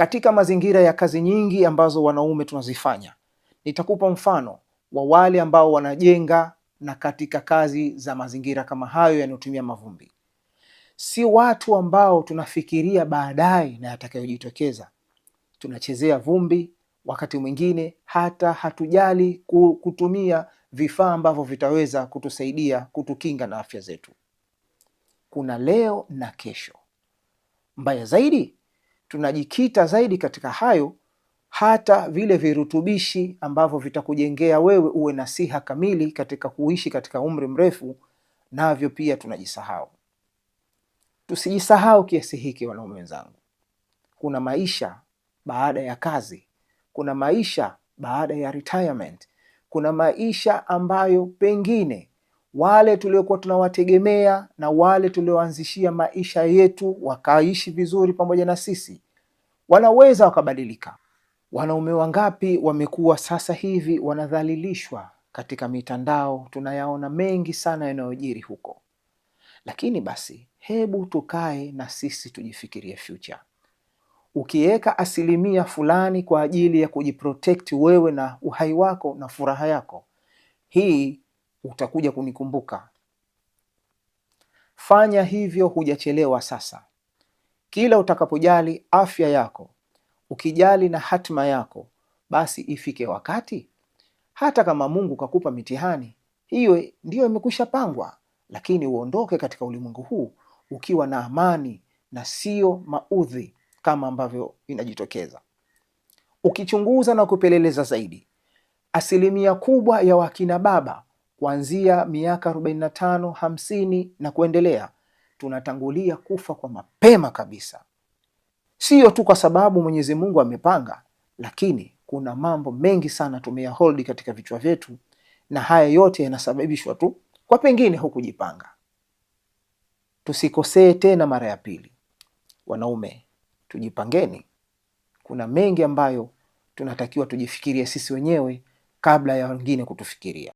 katika mazingira ya kazi nyingi ambazo wanaume tunazifanya. Nitakupa mfano wa wale ambao wanajenga na katika kazi za mazingira kama hayo yanayotumia mavumbi, si watu ambao tunafikiria baadaye na yatakayojitokeza. Tunachezea vumbi, wakati mwingine hata hatujali kutumia vifaa ambavyo vitaweza kutusaidia kutukinga na afya zetu. Kuna leo na kesho. Mbaya zaidi, tunajikita zaidi katika hayo, hata vile virutubishi ambavyo vitakujengea wewe uwe na siha kamili katika kuishi katika umri mrefu, navyo pia tunajisahau. Tusijisahau kiasi hiki, wanaume wenzangu. Kuna maisha baada ya kazi, kuna maisha baada ya retirement, kuna maisha ambayo pengine wale tuliokuwa tunawategemea na wale tulioanzishia maisha yetu wakaishi vizuri pamoja na sisi, wanaweza wakabadilika. Wanaume wangapi wamekuwa sasa hivi wanadhalilishwa katika mitandao? Tunayaona mengi sana yanayojiri huko, lakini basi, hebu tukae na sisi tujifikirie future. Ukiweka asilimia fulani kwa ajili ya kujiprotect wewe na uhai wako na furaha yako, hii utakuja kunikumbuka. Fanya hivyo, hujachelewa sasa. Kila utakapojali afya yako, ukijali na hatima yako, basi ifike wakati, hata kama Mungu kakupa mitihani, hiyo ndiyo imekwisha pangwa, lakini uondoke katika ulimwengu huu ukiwa na amani na sio maudhi kama ambavyo inajitokeza. Ukichunguza na kupeleleza zaidi, asilimia kubwa ya wakina baba kuanzia miaka arobaini na tano hamsini na kuendelea, tunatangulia kufa kwa mapema kabisa, sio tu kwa sababu Mwenyezi Mungu amepanga, lakini kuna mambo mengi sana tumeyaholdi katika vichwa vyetu, na haya yote yanasababishwa tu kwa pengine hukujipanga. Tusikosee tena mara ya pili. Wanaume tujipangeni, kuna mengi ambayo tunatakiwa tujifikirie sisi wenyewe kabla ya wengine kutufikiria.